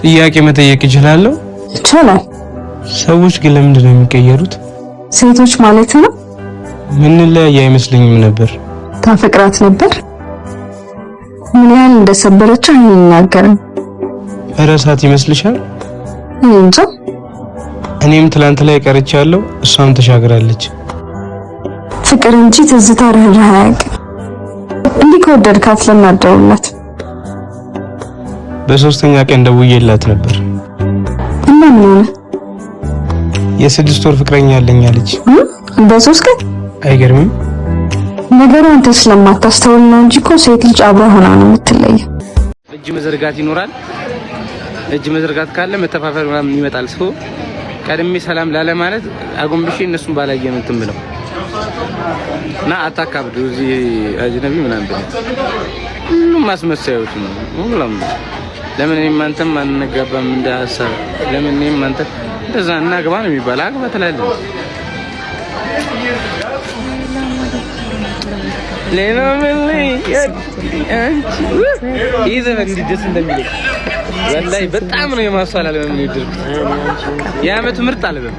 ጥያቄ መጠየቅ እችላለሁ? ይቻላል። ሰዎች ግን ለምንድን ነው የሚቀየሩት? ሴቶች ማለት ነው። ላይ አይመስለኝም ነበር። ታፈቅራት ነበር? ምን ያህል እንደሰበረችው አይናገርም። እረሳት ይመስልሻል? እንጃ። እኔም ትላንት ላይ ቀርቻለሁ፣ እሷም ተሻግራለች። ፍቅር እንጂ ትዝታ ርህራህ አያውቅም። እንዲህ ከወደድካት ለምን በሶስተኛ ቀን ደውዬላት ነበር እና ምን ሆነ? የስድስት ወር ፍቅረኛ አለኝ አለች በሶስት ቀን። አይገርምም? ነገሩ አንተ ስለማታስተውል ነው እንጂ እኮ ሴት ልጅ አብራ ሆና ነው የምትለየ። እጅ መዘርጋት ይኖራል። እጅ መዘርጋት ካለ መተፋፈር ምናምን ይመጣል። ሰው ቀድሜ ሰላም ላለ ማለት አጎንብሼ እነሱን ባላየ እንትን ብለው እና አታካብዱ። እዚህ አጅነቢ ምናምን ሁሉም ማስመሰያዎች ነው ሁሉም ለምን እኔም አንተም አንጋባም? እንዳሰብ ለምን እኔም አንተ እንደዛ እናግባ ነው የሚባል አግባ ትላለህ። ሌላ ምን ይህ ዘፈን እንዲህ ደስ እንደሚለኝ ወላሂ በጣም ነው የማሷል አልበም ነው የወደድኩት። ምርጥ አልበም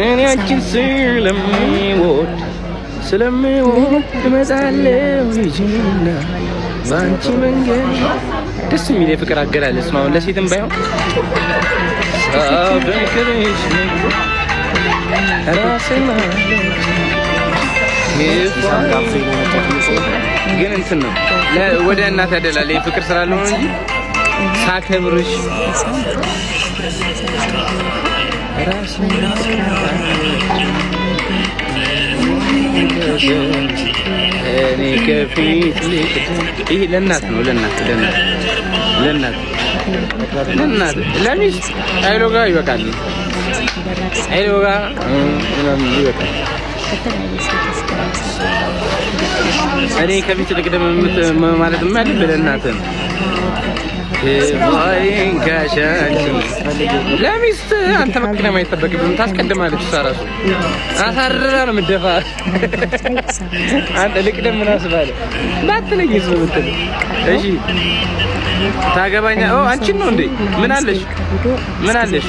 እኔ አንቺን ስለሚወድ ስለሚወድ እመጣለሁ ይችላል በአንቺ መንገድ ደስ የሚል የፍቅር አገላለጽ ነው። ለሴትም ባይሆን ግን እንትን ነው ወደ እናት ያደላል የፍቅር ስላልሆነ እንጂ ሳከብርሽ ይሄ ለእናት ነው ለእናት ለእናት ለእናት ለእናት ለሚስት አይሎ ጋር ይበቃል። አይሎ ጋር ይበቃል። እኔ ከሚስት ልቅደም ማለት ማል ለእናት ነው። ለሚስት አንተ መቅደም አይጠበቅብህም። ታስቀድማለች። እሷ እራሱ አሳርራ ነው የምትደፋ። አንተ ልቅደም ምናምን ባለ ባትለኝ እሱ የምትል እሺ ታገባኛ? ኦ አንቺን ነው እንዴ? ምን አለሽ? ምን አለሽ?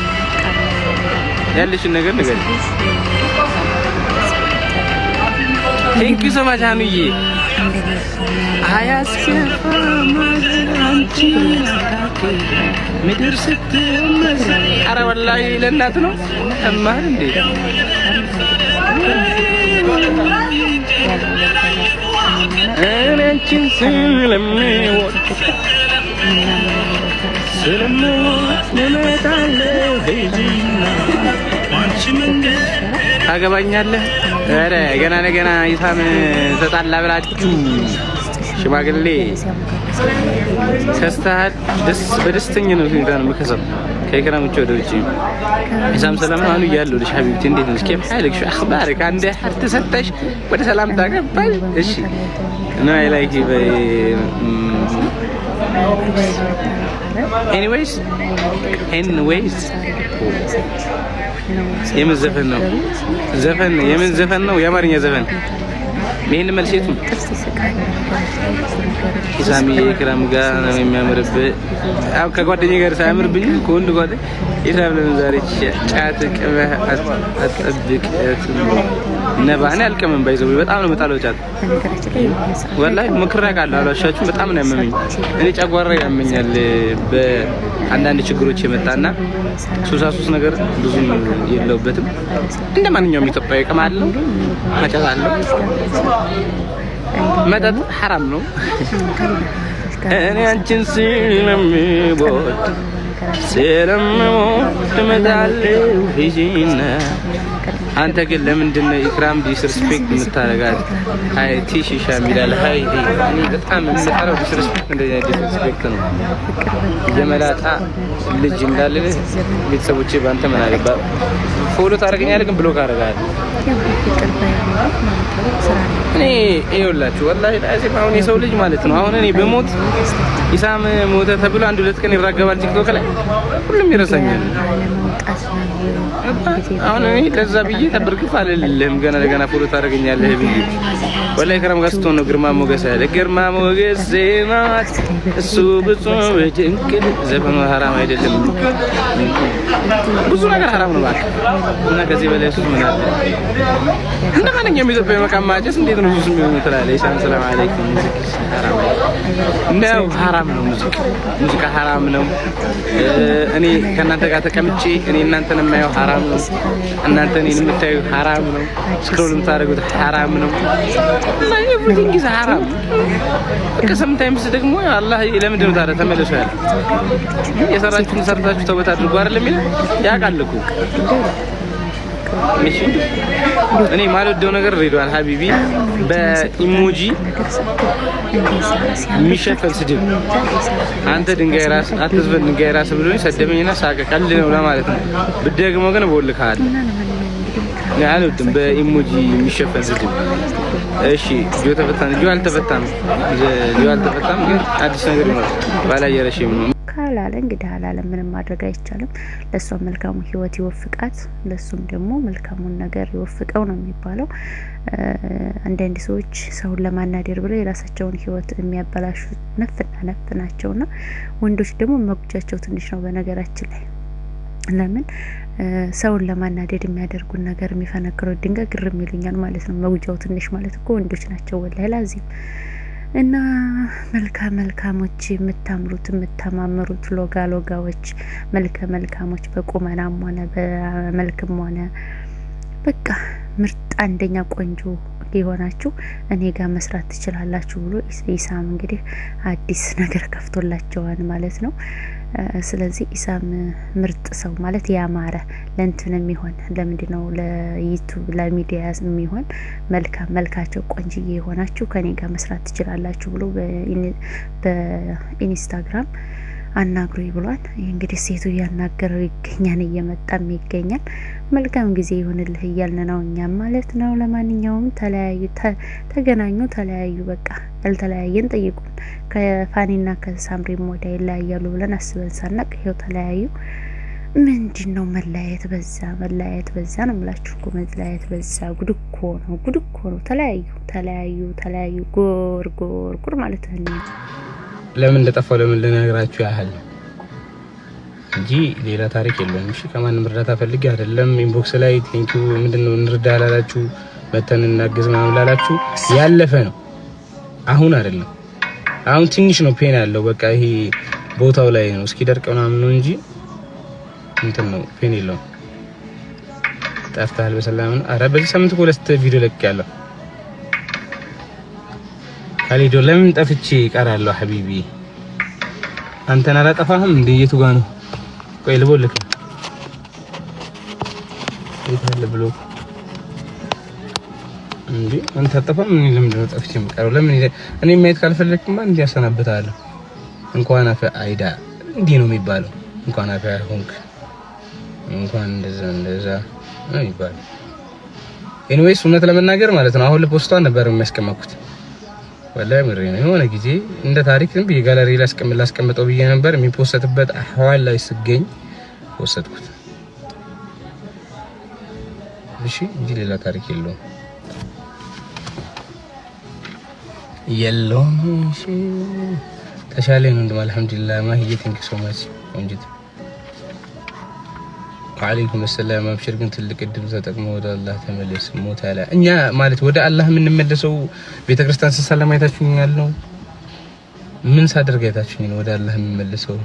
ያለሽን ነገር ንገሪ። ቴንክ ዩ ሶ ማች አንዬ ምድር ስትመዝ። ወላሂ ለእናት ነው እማህል እንዴ እኔ አንቺን ስለምወድ ታገባኛለህ? ኧረ ገና ለገና ይሳም ተጣላ ብላችሁ ሽማግሌ ከስተሃል ደስ በደስተኝ ነው ግን ታን መከሰብ ከይከራም ውጭ ወደ ውጭ ኢሳም ሰላም አሉ እያለሁ ልሽ ሀቢብቲ እንዴት ነው ከፍ ሀይልክ ሹ አኽባርክ አንድ ሀር ተሰጠሽ ወደ ሰላም ታገባል። እሺ ነው አይ ላይክ ኤኒዌይስ ኤኒዌይስ የምን ዘፈን ነው? ዘፈን የምን ዘፈን ነው? የአማርኛ ዘፈን ይህን መልሴቱ ኢሳሚ ክራም ጋር ነው የሚያምርብህ። ከጓደኛዬ ጋር ሳያምርብኝ ከወንድ ጓደኛዬ የታብለም ዛሬ ጫት ቅመህ አጠብቅ ነባ። እኔ አልቅምም፣ ባይዘው በጣም ነው የምጣለው ጫት። ወላሂ ምክራቃለሁ፣ አልዋሻችሁም። በጣም ነው ያመመኝ። እኔ ጨጓራ ያመኛል በአንዳንድ ችግሮች የመጣና ሱሳ ሱስ ነገር ብዙም የለውበትም። እንደ ማንኛውም ኢትዮጵያዊ ቅማለሁ፣ መጫታለሁ። መጠጥ ሐራም ነው። እኔ አንቺን ሲለምቦት ስለምው ትመጣለህ ሂጂና አንተ ግን ለምንድን ነው ኢክራም ዲስሪስፔክት የምታደርጋት? አይ ቲሺሻ የሚላል አይ እኔ በጣም የምጠራው ዲስሪስፔክት እንደዚህ አይነት ዲስሪስፔክት ነው። የመላጣ ልጅ እንዳለ ቤተሰቦቼ ባንተ ምን አገባ ፎሎ ታደርገኛለህ ግን ብሎክ አደርግሃለሁ። እኔ የሰው ልጅ ማለት ነው። አሁን እኔ በሞት ኢሳም ሞተ ተብሎ አንድ ሁለት ቀን ይራገባል ቲክቶክ ላይ ሁሉም ይረሳኛል። አሁን እኔ ለዛ ብዬ ተብርግፍ አልልህም። ገና ለገና ፎሎ ታደርገኛለህ ብዬ ወላሂ ከረም ጋር ስትሆን ነው ግርማ ሞገስ ያለ ግርማ ሞገስ ዜማት እሱ ብፁዕ ድንቅ ዘፈኑ ሀራም አይደለም። ብዙ ነገር ሀራም ነው እባክህ እና ከዚህ በላይ ሱስ ምን አለ? እንደ ማንኛውም ኢትዮጵያዊ መቀማጨስ እንዴት ነው ሱስ የሚሆኑ ትላለህ? ሰላም አለይኩም ነው። ሀራም ነው ሙዚቃ፣ ሙዚቃ ሀራም ነው። እኔ ከእናንተ ጋር ተቀምጬ እኔ እናንተን የማየው ሀራም ነው። እናንተ እኔን የምታዩ ሀራም ነው። ስክሮል የምታደርጉት ሀራም ነው። ነው ኤቭሪቲንግ ኢዝ ሀራም በቃ። ሰምታይምስ ደግሞ አላህ ለምንድን ነው ታዲያ ተመለሱ ያለ የሰራችሁን ሰርታችሁ ተውበት አድርጉ አይደለም ይላል። ያውቃል እኮ እኔ የማልወደው ነገር ሬድዋን ሀቢቢ በኢሞጂ የሚሸፈን ስድብ አንተ ድንጋይ ራስ አትዝበል ድንጋይ ራስ ብሎ ሰደበኝና ሳቀ። ቀልድ ነው ለማለት ነው። ብደግሞ ግን ቦልካል አልወድም በኢሞጂ የሚሸፈን ስድብ። እሺ ጆ ተፈታን፣ ጆ አልተፈታም፣ ጆ አልተፈታም። ግን አዲስ ነገር ይኖር ባላየረሽ ነው ካላለ እንግዲህ አላለ ምንም ማድረግ አይቻልም። ለእሷም መልካሙ ህይወት ይወፍቃት፣ ለእሱም ደግሞ መልካሙን ነገር ይወፍቀው ነው የሚባለው። አንዳንድ ሰዎች ሰውን ለማናደር ብለው የራሳቸውን ህይወት የሚያበላሹ ነፍና ነፍ ናቸውና ወንዶች ደግሞ መጉጃቸው ትንሽ ነው በነገራችን ላይ ለምን ሰውን ለማናደድ የሚያደርጉን ነገር የሚፈነክረው ድንጋይ ግርም ይሉኛል ማለት ነው። መጉጃው ትንሽ ማለት እኮ ወንዶች ናቸው ወላሂ ላዚም እና መልካ መልካሞች የምታምሩት የምታማምሩት ሎጋ ሎጋዎች መልከ መልካሞች በቁመናም ሆነ በመልክም ሆነ በቃ ምርጥ አንደኛ ቆንጆ የሆናችሁ እኔ ጋር መስራት ትችላላችሁ ብሎ ኢሳም እንግዲህ አዲስ ነገር ከፍቶላቸዋል ማለት ነው። ስለዚህ ኢሳም ምርጥ ሰው ማለት ያማረ ለእንትን የሚሆን ለምንድ ነው ለዩቱብ ለሚዲያ የሚሆን መልካም መልካቸው ቆንጅዬ የሆናችሁ ከኔ ጋር መስራት ትችላላችሁ ብሎ በኢንስታግራም አናግሮኝ ብሏል። እንግዲህ ሴቱ እያናገረው ይገኛል፣ እየመጣም ይገኛል። መልካም ጊዜ ይሁንልህ እያልን ነው እኛም ማለት ነው። ለማንኛውም ተለያዩ፣ ተገናኙ፣ ተለያዩ፣ በቃ ያልተለያየን ጠይቁን። ከፋኒና ከሳምሪ ሞዳ ይለያያሉ ብለን አስበን ሳናቅ ይኸው ተለያዩ። ምንድን ነው መለያየት በዛ፣ መለያየት በዛ ነው የምላችሁ እኮ መለያየት በዛ። ጉድ እኮ ነው፣ ጉድ እኮ ነው። ተለያዩ፣ ተለያዩ፣ ተለያዩ። ጎር ጎር ጉር ማለት ነው። ለምን እንደጠፋው ለምን ልነግራችሁ ያህል እንጂ ሌላ ታሪክ የለውም። እሺ ከማንም እርዳታ ፈልጌ አይደለም። ኢንቦክስ ላይ ቴንኪው ምንድነው እንርዳ ላላችሁ መተን እናግዝ ምናምን ላላችሁ ያለፈ ነው። አሁን አይደለም። አሁን ትንሽ ነው ፔን ያለው። በቃ ይሄ ቦታው ላይ ነው እስኪደርቅ ምናምን ነው እንጂ እንትን ነው ፔን የለውም። ጠፍተሃል በሰላም። አረ በዚህ ሳምንት ሁለት ቪዲዮ ያለው ካሊዶ ለምን ጠፍቼ እቀራለሁ? ሀቢቢ አንተን አላጠፋህም እንዴ? የቱ ጋ ነው? ቆይ ልቦልክ ይታለ ብሎ እንዴ አንተ አጠፋም። እኔ ለምንድን ነው ጠፍቼ የምቀረው? ለምን እኔ ማየት ካልፈለግክማ እንዲህ ያሰናብታለሁ። እንኳን አፈ አይዳ እንዴ ነው የሚባለው። እንኳን አፈ ሆንክ እንኳን እንደዛ እንደዛ ነው ይባላል። ኤኒዌይስ እውነት ለመናገር ማለት ነው አሁን ልፖስቷን ነበር የሚያስቀመጥኩት ወላሂ ምሬ ነው። የሆነ ጊዜ እንደ ታሪክ ዝም ብዬ ጋለሪ ላስቀምጠው ብዬ ነበር። የሚፖሰትበት አህዋል ላይ ስገኝ ወሰድኩት። እሺ እንጂ ሌላ ታሪክ የለውም የለውም። ተሻለ ነው። እንደማ አልሐምዱሊላህ ማህዬ ቴንክ ማች ወንጅት አለይኩም ሰላም። አብሽር ግን ትልቅ እድል ተጠቅሞ ወደ አላህ ተመለስ። ሞት እኛ ማለት ወደ አላህ የምንመለሰው ቤተክርስቲያን ስሰለም አይታችሁኝ ያለው ምን ሳደርግ አይታችሁኝ ነው ወደ አላህ የምመለሰው?